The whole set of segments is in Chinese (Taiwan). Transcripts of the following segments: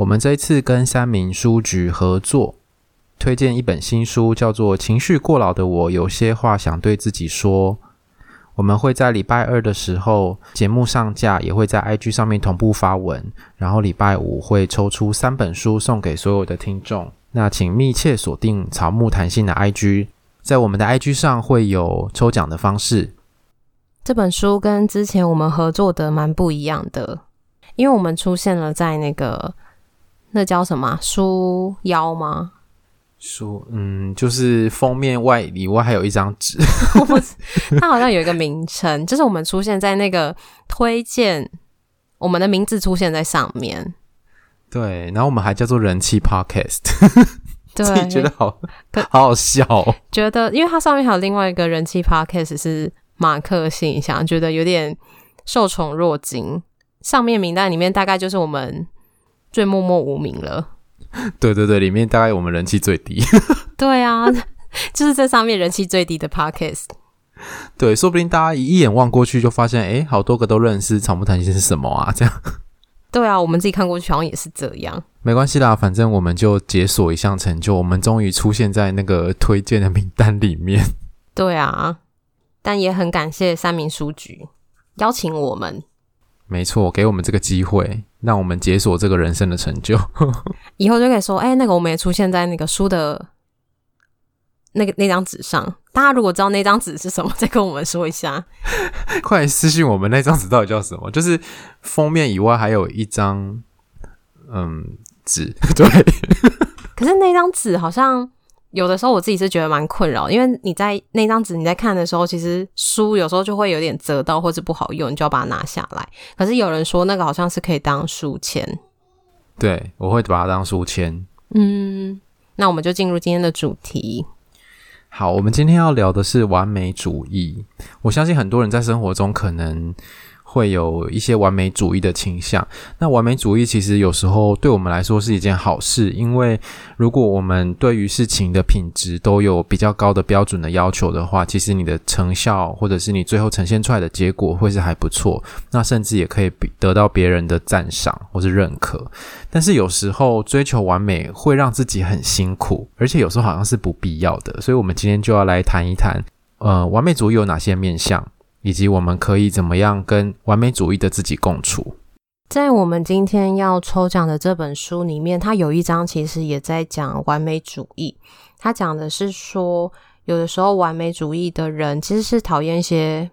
我們這一次跟三民書局合作，推薦一本新書，叫做《情緒過勞的我有些話想對自己說》。我們會在禮拜二的時候節目上架，也會在 IG 上面同步發文。然後禮拜五會抽出三本書送給所有的聽眾。那請密切鎖定草木談心的 IG，在我們的 IG 上會有抽獎的方式。這本書跟之前我們合作的蠻不一樣的，因為我們出現了在那個。那叫什麼、啊、書腰嗎？書嗯，就是封面外裡外還有一張紙， 它好像有一個名稱，就是我們出現在那個推薦，我們的名字出現在上面。對，然後我們還叫做人氣 Podcast，自己 對覺得好，可好，好笑哦。覺得，因為它上面還有另外一個人氣 Podcast 是馬克信箱，覺得有點受寵若驚。上面名單裡面大概就是我們。最默默無名了，對對對，裡面大概我們人氣最低。 對啊，就是這上面人氣最低的 podcast。對，說不定大家一,一眼望過去就發現，誒好多個都認識，草木談心是什麼啊？這樣。對啊，我們自己看過去好像也是這樣。沒關係啦，反正我們就解鎖一項成就，我們終於出現在那個推薦的名單裡面。對啊，但也很感謝三民書局邀請我們。沒錯，給我們這個機會。讓我們解鎖這個人生的成就，以後就可以說：“哎，那個我們也出現在那個書的那個，那張紙上。”大家如果知道那張紙是什麼，再跟我們說一下。 快來私信我們，那張紙到底叫什麼？就是封面以外還有一張嗯紙，對。 可是那張紙好像。有的時候我自己是覺得蠻困擾，因為你在那張紙，你在看的時候，其實書有時候就會有點折到，或是不好用，你就要把它拿下來。可是有人說那個好像是可以當書籤，對，我會把它當書籤。嗯，那我們就進入今天的主題。好，我們今天要聊的是完美主義。我相信很多人在生活中可能。會有一些完美主義的傾向。那完美主義其實有時候對我們來說是一件好事，因為如果我們對於事情的品質都有比較高的標準的要求的話，其實你的成效或者是你最後呈現出來的結果會是還不錯。那甚至也可以得到別人的讚賞或是認可。但是有時候追求完美會讓自己很辛苦，而且有時候好像是不必要的。所以我們今天就要來談一談，呃，完美主義有哪些面向？以及我們可以怎麼樣跟完美主義的自己共處？在我們今天要抽獎的這本書裡面，它有一章其實也在講完美主義。它講的是說，有的時候完美主義的人其實是討厭一些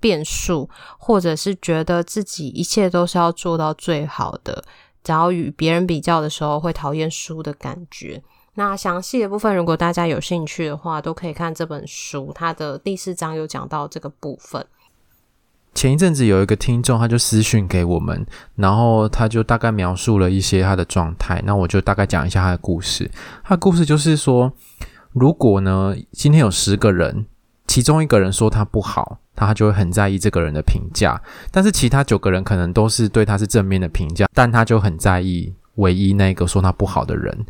變數，或者是覺得自己一切都是要做到最好的，只要與別人比較的時候會討厭輸的感覺。那詳細的部分，如果大家有興趣的話，都可以看這本書。它的第四章有講到這個部分。前一陣子有一個聽眾，他就私訊給我們，然後他就大概描述了一些他的狀態。那我就大概講一下他的故事。他的故事就是說，如果呢，今天有十個人，其中一個人說他不好，他就會很在意這個人的評價。但是其他九個人可能都是對他是正面的評價，但他就很在意唯一那個說他不好的人。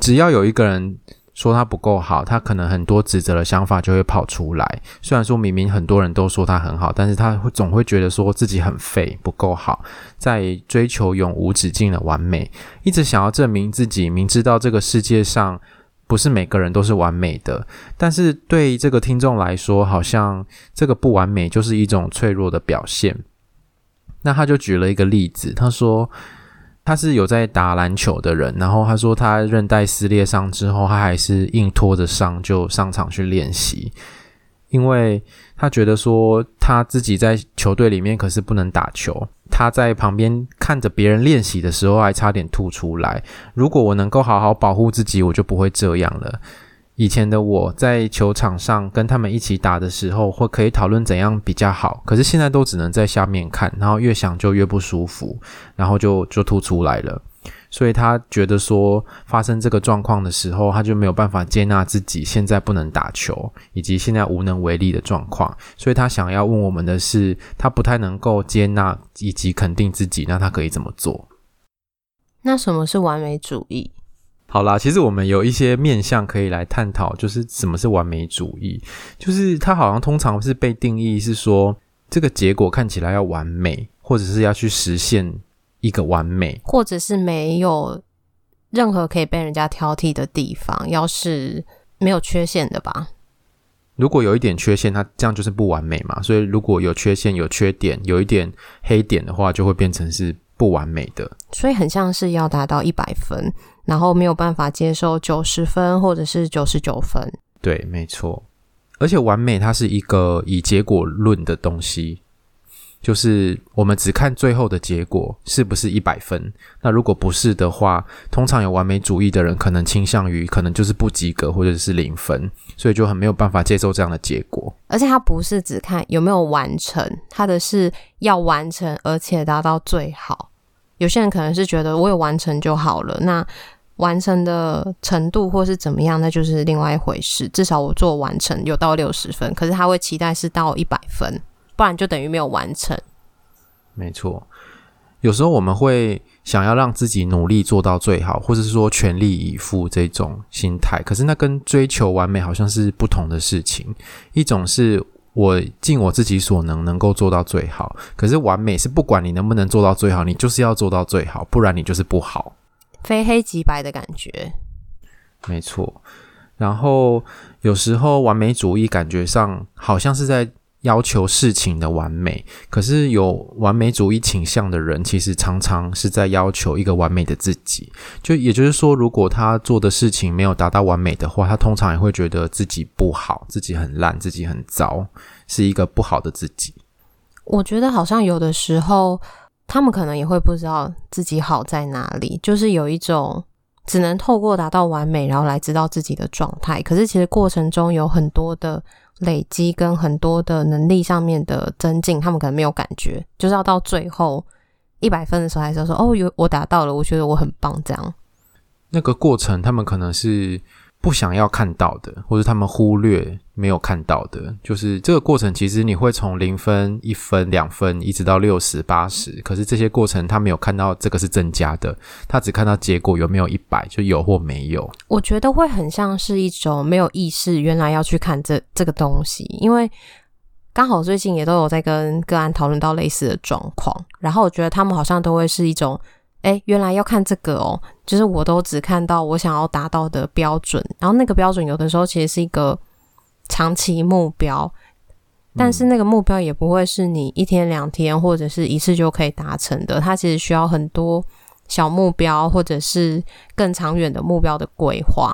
只要有一個人說他不夠好，他可能很多指責的想法就會跑出來。雖然說明明很多人都說他很好，但是他會總會覺得說自己很廢，不夠好，在追求永無止境的完美，一直想要證明自己。明知道這個世界上不是每個人都是完美的，但是對這個聽眾來說，好像這個不完美就是一種脆弱的表現。那他就舉了一個例子，他說，他是有在打籃球的人，然後他說他韌帶撕裂傷之後，他還是硬拖着傷就上場去練習，因為他覺得說他自己在球隊裡面可是不能打球，他在旁邊看着別人練習的時候還差點吐出來。如果我能夠好好保護自己，我就不會這樣了。以前的我在球場上跟他們一起打的時候，會可以討論怎樣比較好。可是現在都只能在下面看，然後越想就越不舒服，然後就就吐出來了。所以他覺得說發生這個狀況的時候，他就沒有辦法接納自己現在不能打球，以及現在無能為力的狀況。所以他想要問我們的是，他不太能夠接納以及肯定自己，那他可以怎麼做？那什麼是完美主義？好啦，其實我們有一些面向可以來探討，就是什麼是完美主義。就是它好像通常是被定義是說，這個結果看起來要完美，或者是要去實現一個完美，或者是沒有任何可以被人家挑剔的地方，要是沒有缺陷的吧。如果有一點缺陷，它這樣就是不完美嘛。所以如果有缺陷、有缺點、有一點黑點的話，就會變成是。不完美的，所以很像是要達到一百分，然後沒有辦法接受九十分或者是九十九分。對，沒錯。而且完美它是一個以結果論的東西，就是我們只看最後的結果是不是一百分。那如果不是的話，通常有完美主義的人可能傾向於可能就是不及格或者是零分，所以就很沒有辦法接受這樣的結果。而且它不是只看有沒有完成，它的是要完成而且達到最好。有些人可能是覺得我有完成就好了，那完成的程度或是怎麼樣，那就是另外一回事。至少我做完成有到六十分，可是他會期待是到一百分，不然就等於沒有完成。沒錯，有時候我們會想要讓自己努力做到最好，或者是說全力以赴這種心態，可是那跟追求完美好像是不同的事情。一種是。我盡我自己所能，能夠做到最好。可是完美是不管你能不能做到最好，你就是要做到最好，不然你就是不好。非黑即白的感覺。沒錯，然後有時候完美主義感覺上好像是在。要求事情的完美，可是有完美主義傾向的人，其實常常是在要求一個完美的自己。就也就是說，如果他做的事情沒有達到完美的話，他通常也會覺得自己不好，自己很爛，自己很糟，是一個不好的自己。我覺得好像有的時候，他們可能也會不知道自己好在哪裡，就是有一種只能透過達到完美，然後來知道自己的狀態。可是其實過程中有很多的。累積跟很多的能力上面的增進，他們可能沒有感覺，就是要到最後一百分的時候，還是說哦，有，我達到了，我覺得我很棒，這樣。那個過程，他們可能是。不想要看到的，或是他們忽略沒有看到的，就是這個過程。其實你會從零分、一分、兩分，一直到六十、八十，可是這些過程他沒有看到這個是增加的，他只看到結果有沒有一百，就有或沒有。我覺得會很像是一種沒有意識，原來要去看這這個東西。因為剛好最近也都有在跟個案討論到類似的狀況，然後我覺得他們好像都會是一種。哎、欸，原來要看這個哦，就是我都只看到我想要達到的標準，然後那個標準有的時候其實是一個長期目標，但是那個目標也不會是你一天兩天或者是一次就可以達成的，它其實需要很多小目標或者是更長遠的目標的規劃。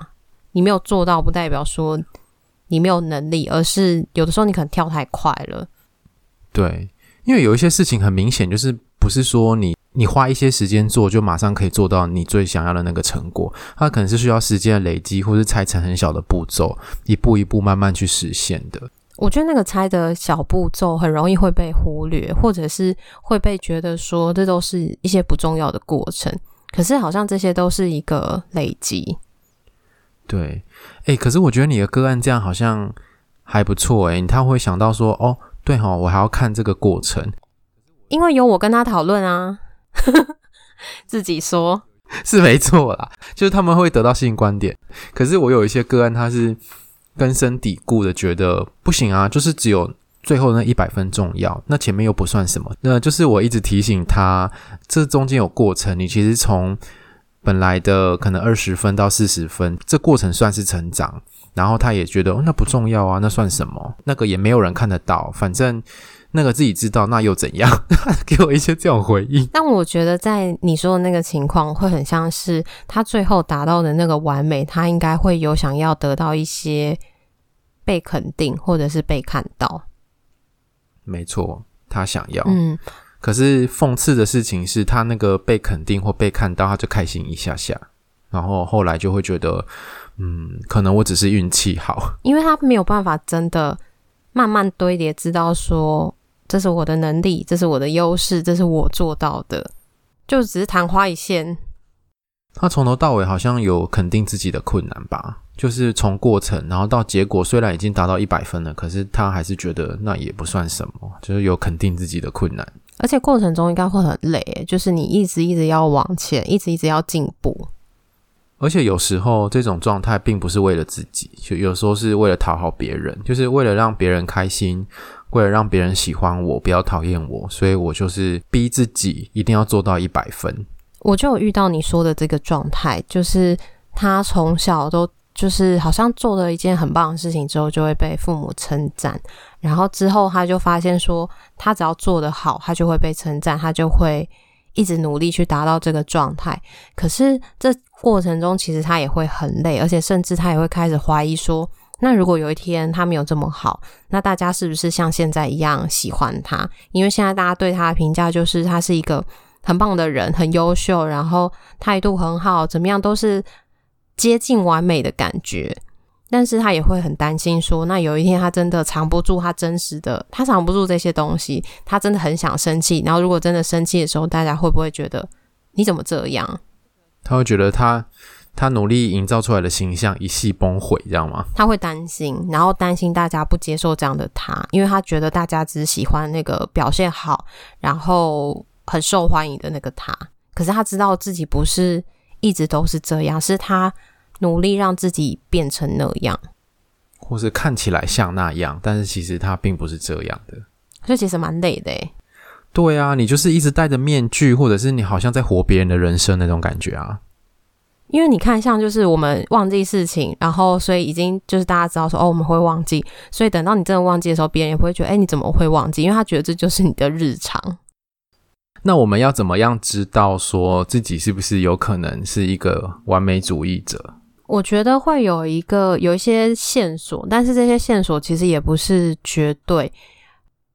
你沒有做到，不代表說你沒有能力，而是有的時候你可能跳太快了。對，因為有一些事情很明顯，就是不是說你。你花一些時間做，就馬上可以做到你最想要的那個成果。它可能是需要時間的累積，或是拆成很小的步驟，一步一步慢慢去實現的。我覺得那個拆的小步驟很容易會被忽略，或者是會被覺得說這都是一些不重要的過程。可是好像這些都是一個累積。對，欸，可是我覺得你的個案這樣好像還不錯欸，你他會想到說哦，對齁，我還要看這個過程，因為有我跟他討論啊。 自己說，是沒錯啦，就是他們會得到新觀點。可是我有一些個案，他是根深蒂固的覺得不行啊，就是只有最後那一百分重要，那前面又不算什麼。那就是我一直提醒他，這中間有過程，你其實從本來的可能二十分到四十分，這過程算是成長。然後他也覺得、哦、那不重要啊，那算什麼？那個也沒有人看得到，反正那個自己知道，那又怎樣？ 給我一些這種回應。但我覺得，在你說的那個情況，會很像是他最後達到的那個完美，他應該會有想要得到一些被肯定或者是被看到。沒錯，他想要。嗯。可是諷刺的事情是他那個被肯定或被看到，他就開心一下下，然後後來就會覺得。嗯，可能我只是運氣好，因為他沒有辦法真的慢慢堆疊，知道說這是我的能力，這是我的優勢，這是我做到的，就只是曇花一現。他從頭到尾好像有肯定自己的困難吧，就是從過程，然後到結果，雖然已經達到一百分了，可是他還是覺得那也不算什麼，就是有肯定自己的困難。而且過程中應該會很累，就是你一直一直要往前，一直一直要進步。而且有時候這種狀態並不是為了自己，就有時候是為了討好別人，就是為了讓別人開心，為了讓別人喜歡我，不要討厭我，所以我就是逼自己一定要做到一百分。我就有遇到你說的這個狀態，就是他從小都就是好像做了一件很棒的事情之後，就會被父母稱讚，然後之後他就發現說，他只要做得好，他就會被稱讚，他就會。一直努力去達到這個狀態，可是這過程中其實他也會很累，而且甚至他也會開始懷疑說，那如果有一天他沒有這麼好，那大家是不是像現在一樣喜歡他？因為現在大家對他的評價就是他是一個很棒的人，很優秀，然後態度很好，怎麼樣都是接近完美的感覺。但是他也會很擔心說，說那有一天他真的藏不住他真實的，他藏不住這些東西，他真的很想生氣。然後如果真的生氣的時候，大家會不會覺得你怎麼這樣？他會覺得他他努力營造出來的形象一夕崩毀，這樣嗎？他會擔心，然後擔心大家不接受這樣的他，因為他覺得大家只喜歡那個表現好，然後很受歡迎的那個他。可是他知道自己不是一直都是這樣，是他。努力讓自己變成那樣，或是看起來像那樣，但是其實他並不是這樣的。所以其實蠻累的。對啊，你就是一直戴着面具，或者是你好像在活別人的人生那種感覺啊。因為你看，像就是我們忘記事情，然後所以已經就是大家知道說哦，我們會忘記，所以等到你真的忘記的時候，別人也不會覺得哎，你怎麼會忘記，因為他覺得這就是你的日常。那我們要怎麼樣知道說自己是不是有可能是一個完美主義者？我覺得會有一個有一些線索，但是這些線索其實也不是絕對。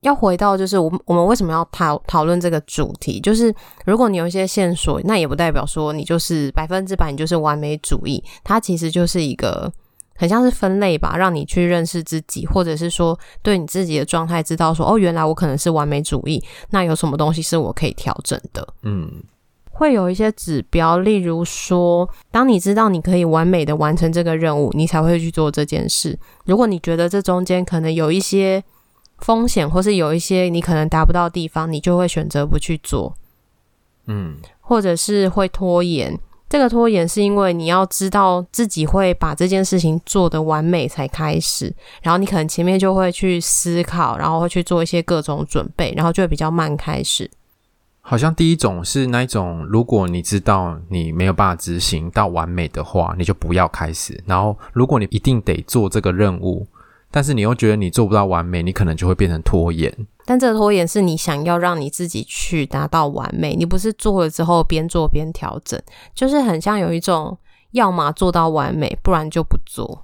要回到就是我們我們為什麼要討討論這個主題？就是如果你有一些線索，那也不代表說你就是百分之百你就是完美主義。它其實就是一個很像是分類吧，讓你去認識自己，或者是說對你自己的狀態知道說哦，原來我可能是完美主義，那有什麼東西是我可以調整的？嗯。會有一些指標，例如說，當你知道你可以完美的完成這個任務，你才會去做這件事。如果你覺得這中間可能有一些風險，或是有一些你可能達不到的地方，你就會選擇不去做。嗯，或者是會拖延。這個拖延是因為你要知道自己會把這件事情做得完美才開始，然後你可能前面就會去思考，然後會去做一些各種準備，然後就會比較慢開始。好像第一種是那一種，如果你知道你沒有辦法執行到完美的話，你就不要開始。然後，如果你一定得做這個任務，但是你又覺得你做不到完美，你可能就會變成拖延。但這個拖延是你想要讓你自己去達到完美，你不是做了之後邊做邊調整，就是很像有一種，要麼做到完美，不然就不做。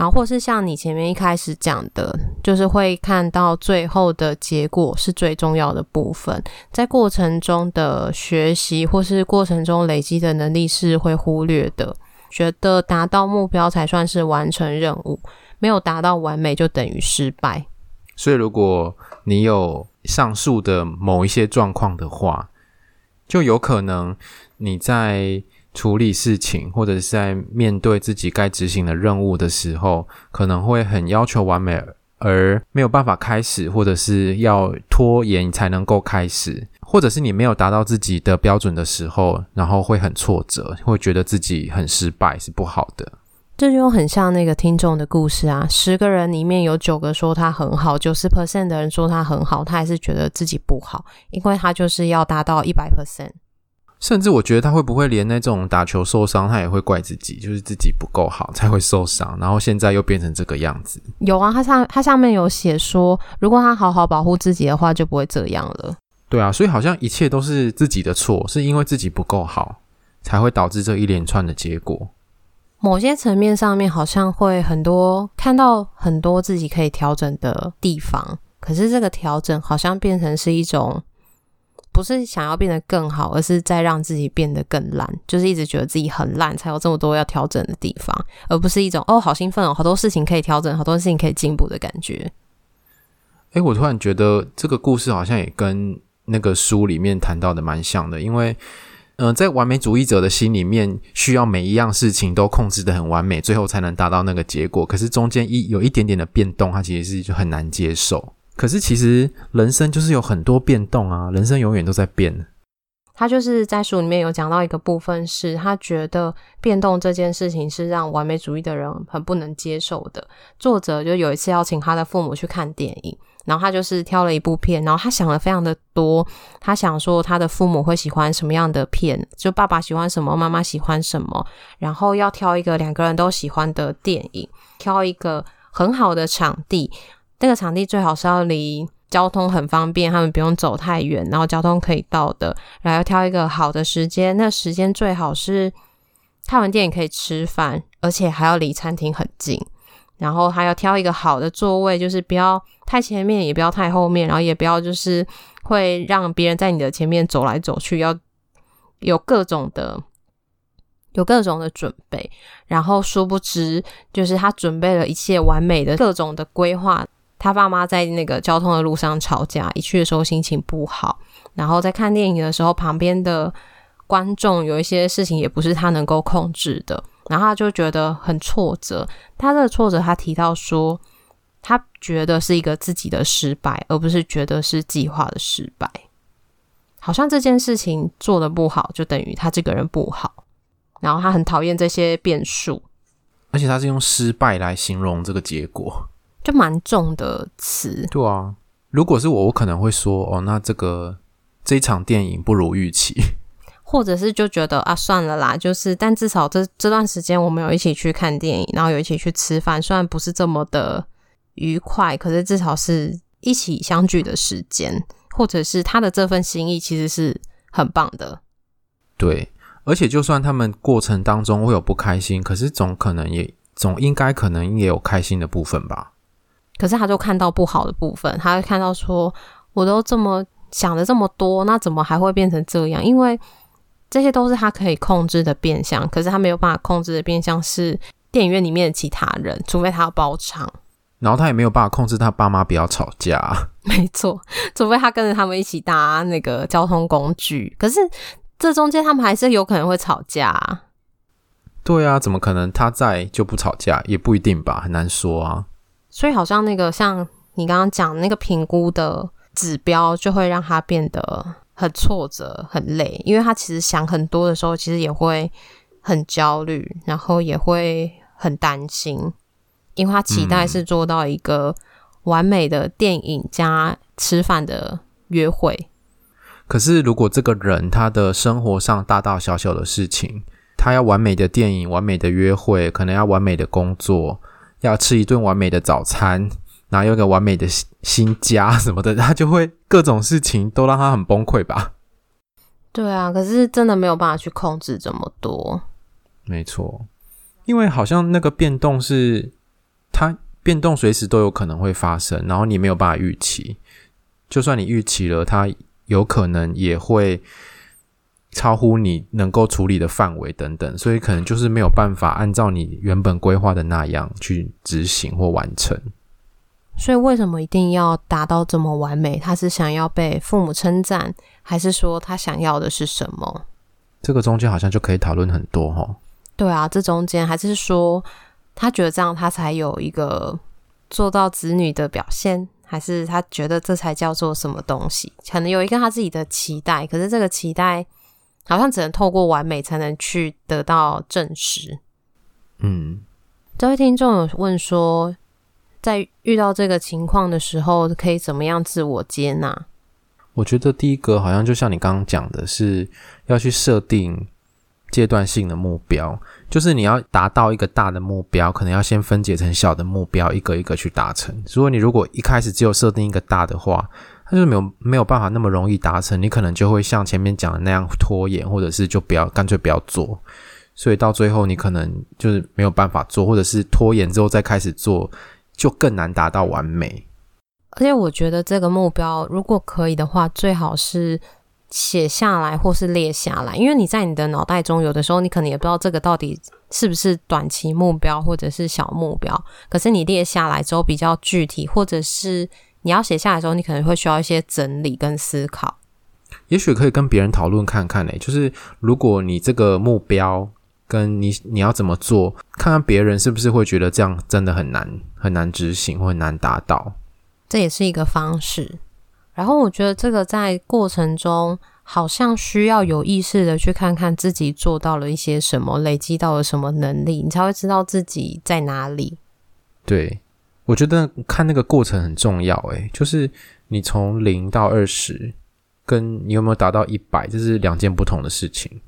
然後，或是像你前面一開始講的，就是會看到最後的結果是最重要的部分，在過程中的學習或是過程中累積的能力是會忽略的，覺得達到目標才算是完成任務，沒有達到完美就等於失敗。所以，如果你有上述的某一些狀況的話，就有可能你在。處理事情，或者是在面對自己該執行的任務的時候，可能會很要求完美，而沒有辦法開始，或者是要拖延才能夠開始。或者是你沒有達到自己的標準的時候，然後會很挫折，會覺得自己很失敗，是不好的。這就很像那個聽眾的故事啊，十個人裡面有九個說他很好，九十 percent 的人說他很好，他還是覺得自己不好，因為他就是要達到一百 percent。甚至我覺得他會不會連那種打球受傷，他也會怪自己，就是自己不夠好才會受傷，然後現在又變成這個樣子。有啊，他上他上面有寫說，如果他好好保護自己的話，就不會這樣了。對啊，所以好像一切都是自己的錯，是因為自己不夠好，才會導致這一連串的結果。某些層面上面好像會很多，看到很多自己可以調整的地方，可是這個調整好像變成是一種。不是想要變得更好，而是在讓自己變得更爛，就是一直覺得自己很爛，才有這麼多要調整的地方，而不是一種哦，好興奮哦，好多事情可以調整，好多事情可以進步的感覺。哎、欸，我突然覺得這個故事好像也跟那個書裡面談到的蠻像的，因為嗯、呃，在完美主義者的心裡面，需要每一樣事情都控制得很完美，最後才能達到那個結果，可是中間一有一點點的變動，它其實是就很難接受。可是，其實人生就是有很多變動啊，人生永遠都在變。他就是在書裡面有講到一個部分是，是他覺得變動這件事情是讓完美主義的人很不能接受的。作者就有一次要請他的父母去看電影，然後他就是挑了一部片，然後他想了非常的多，他想說他的父母會喜歡什麼樣的片，就爸爸喜歡什麼，媽媽喜歡什麼，然後要挑一個兩個人都喜歡的電影，挑一個很好的場地。那個場地最好是要離交通很方便，他們不用走太遠，然後交通可以到的。然後要挑一個好的時間，那時間最好是看完電影可以吃飯，而且還要離餐廳很近。然後還要挑一個好的座位，就是不要太前面，也不要太後面，然後也不要就是會讓別人在你的前面走來走去。要有各種的，有各種的準備。然後殊不知，就是他準備了一切完美的各種的規劃。他爸媽在那個交通的路上吵架，一去的時候心情不好，然後在看電影的時候，旁邊的觀眾有一些事情也不是他能夠控制的，然後他就覺得很挫折。他的挫折，他提到說，他覺得是一個自己的失敗，而不是覺得是計劃的失敗。好像這件事情做得不好，就等於他這個人不好。然後他很討厭這些變數，而且他是用失敗來形容這個結果。蠻重的詞，對啊。如果是我，我可能會說哦，那這個這一場電影不如預期，或者是就覺得啊，算了啦。就是，但至少這這段時間我們有一起去看電影，然後有一起去吃飯。雖然不是這麼的愉快，可是至少是一起相聚的時間，或者是他的這份心意其實是很棒的。對，而且就算他們過程當中會有不開心，可是總可能也總應該可能也有開心的部分吧。可是他就看到不好的部分，他會看到說，我都這麼想了這麼多，那怎麼還會變成這樣？因為這些都是他可以控制的變相，可是他沒有辦法控制的變相是電影院裡面的其他人，除非他要包場。然後他也沒有辦法控制他爸媽不要吵架。沒錯，除非他跟着他們一起搭那個交通工具。可是這中間他們還是有可能會吵架啊。對啊，怎麼可能他在就不吵架？也不一定吧，很難說啊。所以好像那個像你剛剛講那個評估的指標，就會讓他變得很挫折、很累，因為他其實想很多的時候，其實也會很焦慮，然後也會很擔心，因為他期待是做到一個完美的電影加吃飯的約會。嗯，可是如果這個人他的生活上大大小小的事情，他要完美的電影、完美的約會，可能要完美的工作。要吃一頓完美的早餐，然後有一個完美的新家什麼的，他就會各種事情都讓他很崩潰吧？對啊，可是真的沒有辦法去控制這麼多。沒錯，因為好像那個變動是它變動隨時都有可能會發生，然後你沒有辦法預期，就算你預期了，他有可能也會。超乎你能夠處理的範圍等等，所以可能就是沒有辦法按照你原本規劃的那樣去執行或完成。所以為什麼一定要達到這麼完美？他是想要被父母稱讚，還是說他想要的是什麼？這個中間好像就可以討論很多哦。對啊，這中間還是說他覺得這樣他才有一個做到子女的表現，還是他覺得這才叫做什麼東西？可能有一個他自己的期待，可是這個期待。好像只能透過完美才能去得到證實。嗯，這位聽眾有問說，在遇到這個情況的時候，可以怎麼樣自我接納？我覺得第一個好像就像你剛剛講的，是要去設定階段性的目標，就是你要達到一個大的目標，可能要先分解成小的目標，一個一個去達成。所以你如果一開始只有設定一個大的話，但是，沒有沒有辦法那麼容易達成，你可能就會像前面講的那樣拖延，或者是就不要乾脆不要做。所以到最後你可能就是沒有辦法做，或者是拖延之後再開始做，就更難達到完美。而且我覺得這個目標如果可以的話，最好是寫下來或是列下來，因為你在你的腦袋中有的時候你可能也不知道這個到底是不是短期目標或者是小目標，可是你列下來之後比較具體，或者是。你要寫下來的時候，你可能會需要一些整理跟思考。也許可以跟別人討論看看呢？就是如果你這個目標跟你，你要怎麼做，看看別人是不是會覺得這樣真的很難，很難執行，或很難達到，這也是一個方式。然後我覺得這個在過程中好像需要有意識的去看看自己做到了一些什麼，累積到了什麼能力，你才會知道自己在哪裡。對。我覺得看那個過程很重要，哎，就是你從零到二十，跟你有沒有達到一百，這是兩件不同的事情。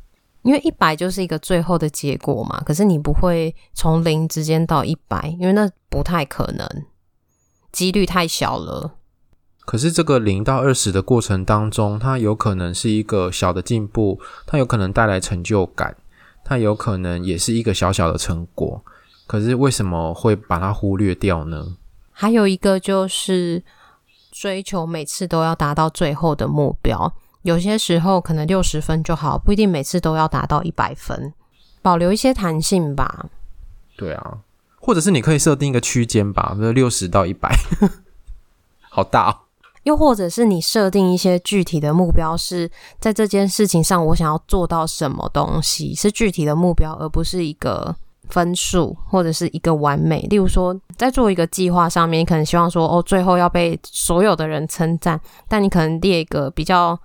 因為一百就是一個最後的結果嘛，可是你不會從零直接到一百，因為那不太可能，幾率太小了。可是這個零到二十的過程當中，它有可能是一個小的進步，它有可能帶來成就感，它有可能也是一個小小的成果。可是為什麼會把它忽略掉呢？還有一個就是追求每次都要達到最後的目標，有些時候可能六十分就好，不一定每次都要達到一百分，保留一些彈性吧。對啊，或者是你可以設定一個區間吧，就是六十到一百， 好大喔。又或者是你設定一些具體的目標，是在這件事情上我想要做到什麼東西，是具體的目標，而不是一個。分數或者是一個完美，例如說在做一個計劃上面，你可能希望說哦，最後要被所有的人稱讚，但你可能列一個比較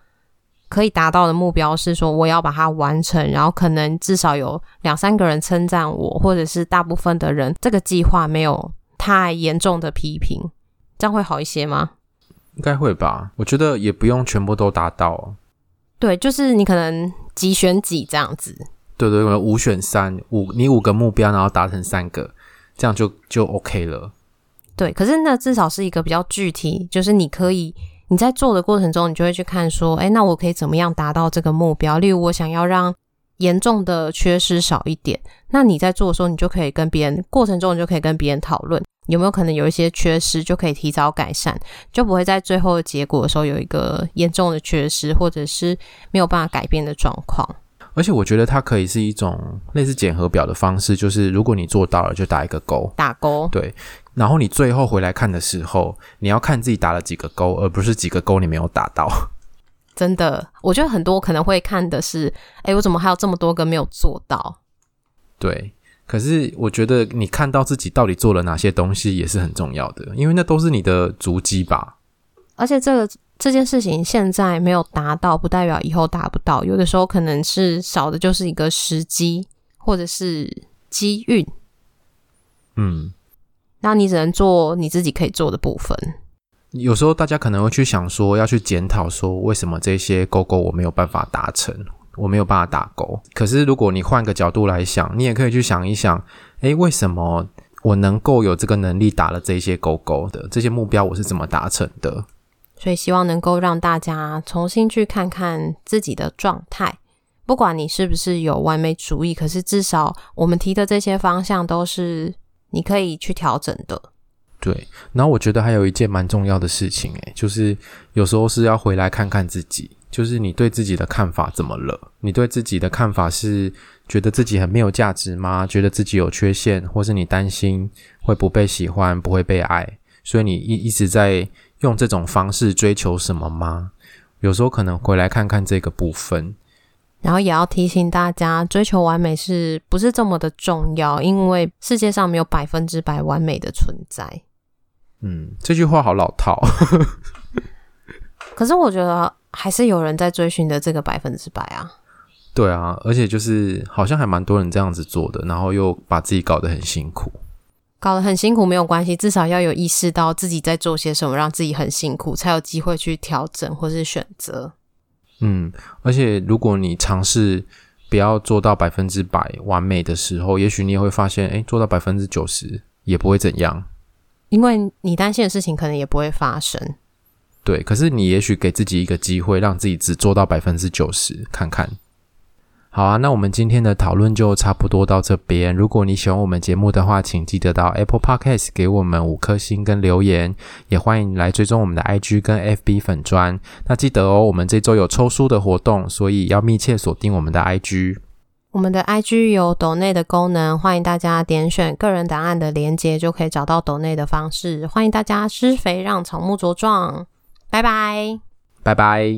可以達到的目標是說，我要把它完成，然後可能至少有兩三個人稱讚我，或者是大部分的人，這個計劃沒有太嚴重的批評，這樣會好一些嗎？應該會吧，我覺得也不用全部都達到。對，就是你可能幾選幾這樣子。對，對對，我五選三，五你五個目標，然後達成三個，這樣就就 OK 了。對，可是那至少是一個比較具體，就是你可以你在做的過程中，你就會去看說，哎，那我可以怎麼樣達到這個目標？例如，我想要讓嚴重的缺失少一點，那你在做的時候，你就可以跟別人過程中，你就可以跟別人討論有沒有可能有一些缺失，就可以提早改善，就不會在最後的結果的時候有一個嚴重的缺失，或者是沒有辦法改變的狀況。而且我覺得它可以是一種類似檢核表的方式，就是如果你做到了，就打一個勾，打勾，對。然後你最後回來看的時候，你要看自己打了幾個勾，而不是幾個勾你沒有打到。真的，我覺得很多可能會看的是，哎，我怎麼還有這麼多個沒有做到？對，可是我覺得你看到自己到底做了哪些東西也是很重要的，因為那都是你的足跡吧。而且這個。這件事情現在沒有達到，不代表以後達不到。有的時候可能是少的就是一個時機或者是機遇。嗯，那你只能做你自己可以做的部分。有時候大家可能會去想說，要去檢討說為什麼這些勾勾我沒有辦法達成，我沒有辦法打勾。可是如果你換個角度來想，你也可以去想一想，誒，為什麼我能夠有這個能力打了這些勾勾的這些目標，我是怎麼達成的？所以希望能夠讓大家重新去看看自己的狀態，不管你是不是有完美主義，可是至少我們提的這些方向都是你可以去調整的。對，然後我覺得還有一件蠻重要的事情、欸，誒，就是有時候是要回來看看自己，就是你對自己的看法怎麼了？你對自己的看法是覺得自己很沒有價值嗎？覺得自己有缺陷，或是你擔心會不被喜歡，不會被愛，所以你一一直在。用這種方式追求什麼嗎？有時候可能回來看看這個部分，然後也要提醒大家，追求完美是不是這麼的重要？因為世界上沒有百分之百完美的存在。嗯，這句話好老套。 可是我覺得還是有人在追尋的這個百分之百啊。對啊，而且就是好像還蠻多人這樣子做的，然後又把自己搞得很辛苦。搞得很辛苦，沒有關係，至少要有意識到自己在做些什麼，讓自己很辛苦，才有機會去調整或是選擇。嗯，而且如果你嘗試不要做到百分之百完美的時候，也許你也會發現，誒，做到百分之九十也不會怎樣，因為你擔心的事情可能也不會發生。對，可是你也許給自己一個機會，讓自己只做到百分之九十，看看。好啊，那我們今天的討論就差不多到這邊。如果你喜歡我們節目的話，請記得到 Apple Podcast 給我們五顆星跟留言，也歡迎來追蹤我們的 IG 跟 FB 粉專。那記得哦，我們這週有抽書的活動，所以要密切鎖定我們的 IG。我們的 IG 有抖內的功能，歡迎大家點選個人檔案的連結，就可以找到抖內的方式。歡迎大家施肥，讓草木茁壯。拜拜，拜拜。